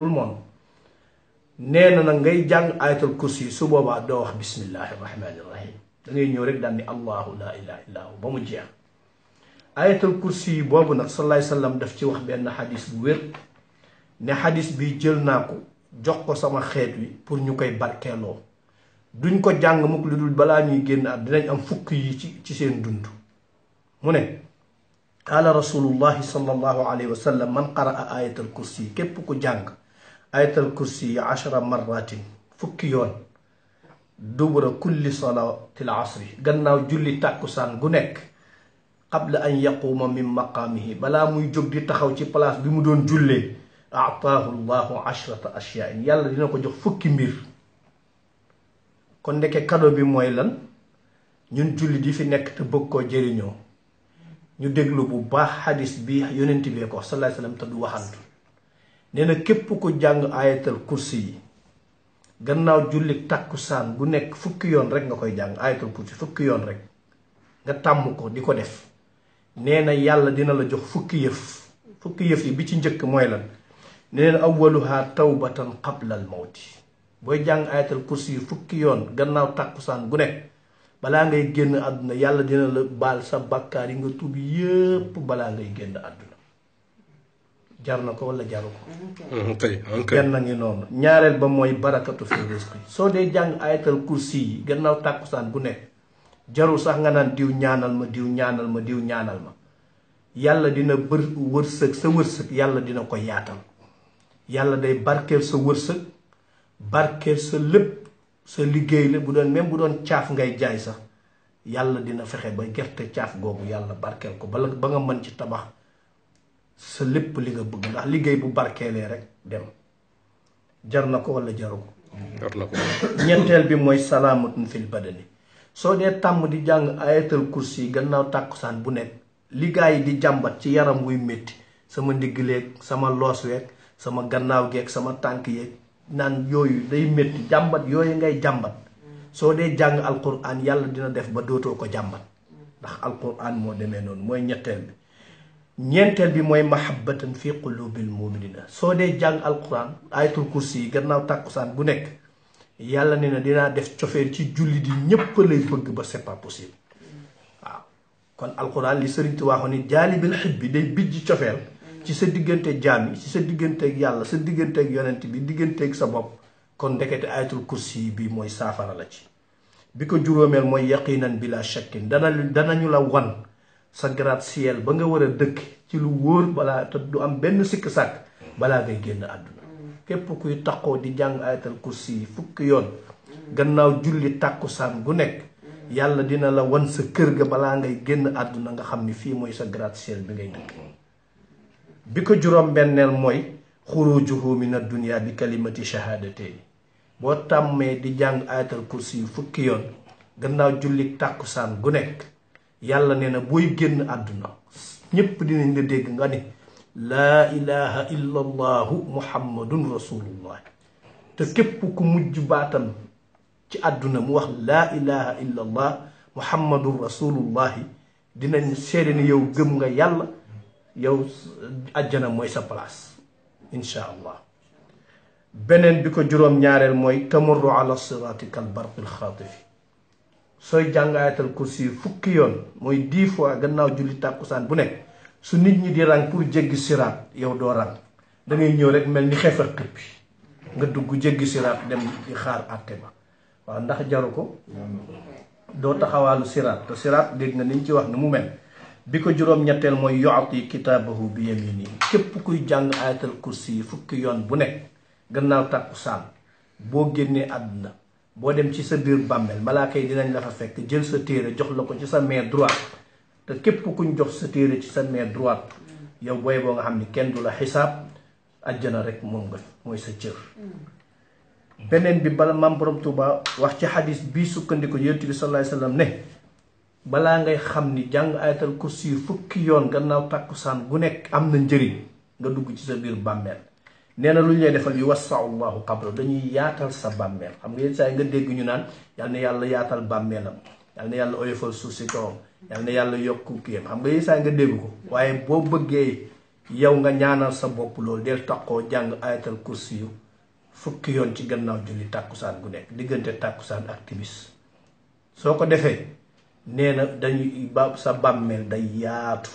tout le nee na nag ngay jàng ayatul kursi su boobaa doo wax bismillahi rahmani rahim da ngay ñëw rek daan ni allahu la ilaha illa hu ba mu jeex ayatul kursi yi boobu nag sallallahu def ci wax benn xadis bu wér ne xadis bi jël naa ko jox ko sama xeet wi pour ñu koy barkeeloo duñ ko jàng mukk lu dul balaa ñuy génn at dinañ am fukk yi ci ci seen dund mu ne qaala rasulullahi sallallahu alayhi wa sallam man qaraa ayatul kursi képp ku jàng ayatal kursi yi ashara fukki yoon dubura kulli salaatil asri gannaaw julli tàkkusaan gu nekk qabla an yaquuma min maqaamihi balaa muy jóg di taxaw ci place bi mu doon jullee ataahu llahu ashrata ashyain yàlla dina ko jox fukki mbir kon ndeke kado bi mooy lan ñun julli di fi nekk te bëgg koo jëriñoo ñu déglu bu baax xadis bi yonent bee ko sallallahu alayhi te du waxantu nee na képp ku jàng ayatal kursi yi gannaaw julli tàkkusaan gu nekk fukki yoon rek nga koy jàng ayatal kursi fukki yoon rek nga tàmm ko di ko def nee na yàlla dina la jox fukki yëf fukki yëf yi bi ci njëkk mooy lan nee na awwaluha tawbatan qabla al mawti booy jàng ayatal kursi yi fukki yoon gannaaw tàkkusaan gu nekk balaa ngay génn àdduna yàlla dina la baal sa bàkkaar yi nga tuub yépp balaa ngay génn àdduna jar ko wala jaru ko hmm, tay ben na ngi non ñaarel ba moy barakatu fi rizqi so de jang ayatul kursi gannaaw takusan bu nek jaru sax nga nan diw ñaanal ma diw ñaanal ma diw ñaanal ma yalla dina beur wërseuk sa wërseuk yalla dina ko yaatal yalla day barkel sa wërseuk barkel sa lepp sa liggey la bu done même bu done tiaf ngay jaay sax yalla dina fexé ba gerté tiaf gogou yalla barkel ko ba nga man ci tabakh sa lepp li nga bëgg ndax liggéey bu rek dem jar na ko wala jaru ko ñetteel bi moy salamatun fil badani so dé tam di jang ayatul kursi gannaaw takusan bu nek li gaay di jambat ci yaram wuy metti sama ndigg sama loss wék sama gannaaw geeg sama tank yeeg nan yoyu day metti jambat yoyu ngay jambat so dé jang alquran yalla dina def ba doto ko jambat ndax alquran mo démé non moy ñettel ñeenteel bi mooy mahabbatan fi qulubil na soo dee jàng alquran ayatul kursi yi gannaaw tàkkusaan bu nekk yàlla ne na dinaa def cofeel ci julli di ñépp lay bëgg ba c'est pas kon alquran li sëriñ Tuubaa waxoon bi day bijj ci sa diggante jaam yi ci sa digganteeg yàlla sa digganteeg yonent bi digganteeg sa bopp kon ndekete ayatul kursi bi mooy saafara la ci bi ko juróomeel mooy yaqinan bila shakkin dana danañu la wan sa grade ciel ba nga wara dekk ci lu woor bala te du am ben sik sak bala ngay genn aduna kep kuy takko di jang ayatul kursi yi yon gannaaw julli sam gu nek yalla dina la won sa keur ga bala ngay genn aduna nga xamni fi moy sa grat ciel bi ngay dekk biko jurom moy khurujuhu min ad-dunya bi kalimati shahadatay bo tamme di jang ayatul kursi yu yon gannaaw julli sam gu nek yàlla neena boy génn aduna ñépp dinañ la deg nga ne la ilaha illa allah muhammadun rasulullah te kep ku mujj batam ci aduna mu wax la ilaha illa allah muhammadun rasulullah dinañ sédene yow gëm nga yàlla yow aljana moy sa place insha allah benen biko juróom ñaareel mooy ala siratikal barqil khatifi soy jàng kursi fukki yon moy 10 fois gannaaw julli takusan bu nek su nit ñi di rang pour jéggi sirat yow do rang da ngay ñëw rek mel xéfer kër bi nga dugg jéggi sirat dem di xaar àtte ba ndax jaruko ko taxawalu sirat to sirat deg nga niñ ci wax nu mu mel biko jurom ñettel moy yu'ti kitabahu bi yamini kep kuy jang ayatul kursi fukki yon bu nek gannaaw takusan bo génné aduna bo dem ci sa bir bàmmeel malaaka kay dinañ la fa fekk jël sa téré jox lako ci sa main droite te képp kuñ jox sa téré ci sa main droite yow boy bo nga xamni kenn dula hisab aljana rek mom nga moy sa cieur benen bi bala mam borom tuba wax ci hadith bi sukkandiku yonent bi sallallahu alayhi wasallam ne bala ngay xamni jang ayatul kursi fukki yon gannaaw takusan gu nek am na nga dugg ci sa bir neena luñ lay defal yuwassa allah qabru dañuy yaatal sa bammel xam nga say nga dégg ñu naan yalla ne yalla yaatal bammelam yalla ne yalla oyofal suusi si yalla ne yalla yokku kiyam xam nga say nga dégg ko waye bo bëggee yow nga ñaanal sa bop lool del takko jang ayatal kursi yu fukk yon ci gannaaw julli takusan gu nek digënte takusan ak timis soko defé neena sa bammel day yaatu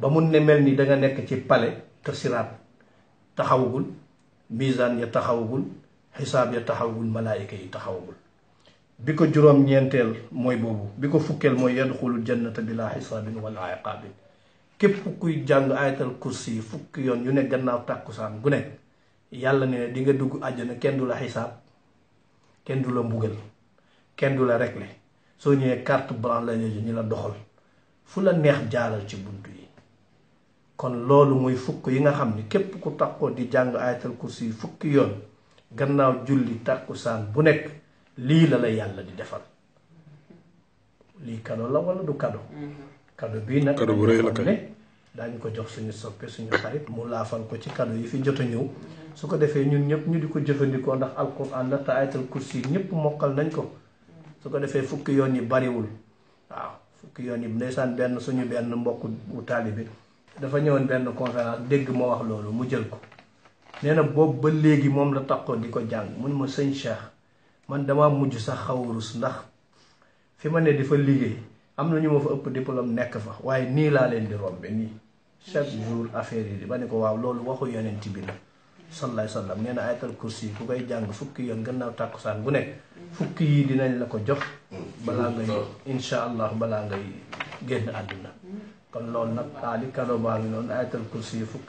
ba mu ne melni da nga nek ci pale tersirat. taxawagul misaan ya taxawagul xisaab ya taxawagul malaayika yi taxawagul bi ko juróom-ñeenteel mooy boobu bi ko fukkeel mooy yenn yadxulul jannata bilaa xisaabin wala iqaabin képp kuy jàng ayatal kursi yi fukki yoon yu ne gannaaw tàkkusaan gu ne yàlla ne di nga dugg àjjana kenn du la xisaab kenn du la mbugal kenn du la réglé soo ñëwee carte blanche la ñu la doxal fu la neex jaaral ci bunt kon lolu muy fukk yi nga xamni ni ku takko di jang ayatul kursi fukk yoon gannaaw julli tàkkusaan bu nek li la la yalla di defal li kado la wala du kado mm-hmm. kado bi nak kado bu reey la kay dañ ko jox suñu soppe suñu xarit mu lafal ko ci kado yi fi jot ñew su ko defé ñun ñep ñu diko jëfëndiko ndax alquran la ta ayatul kursi ñep mokal nañ ko su ko defé fukk yoon yi bariwul waaw fukk yoon yi ndaysan ben suñu ben mbokk bu dafa ñëwoon benn conférence dégg mo wax loolu mu jël ko néna bob ba légui mom la takko di jang mu mun ma cheikh man dama mujj sax xawrus ndax fi ma ne di fa liggéey am ñu ma fa ëpp diplôme nekk fa waye ni la leen di rombé ni chaque jour affaire yi bané ko waaw loolu waxu yonent la sallallahu alayhi wasallam néna ayatul kursi ku koy fukki yoon gannaaw tàkkusaan bu nekk fukki yi dinañ la ko jox mm. balaa ngay mm. allah balaa ngay génn قال له انك عليك لو بعلن ايه الكرسي فك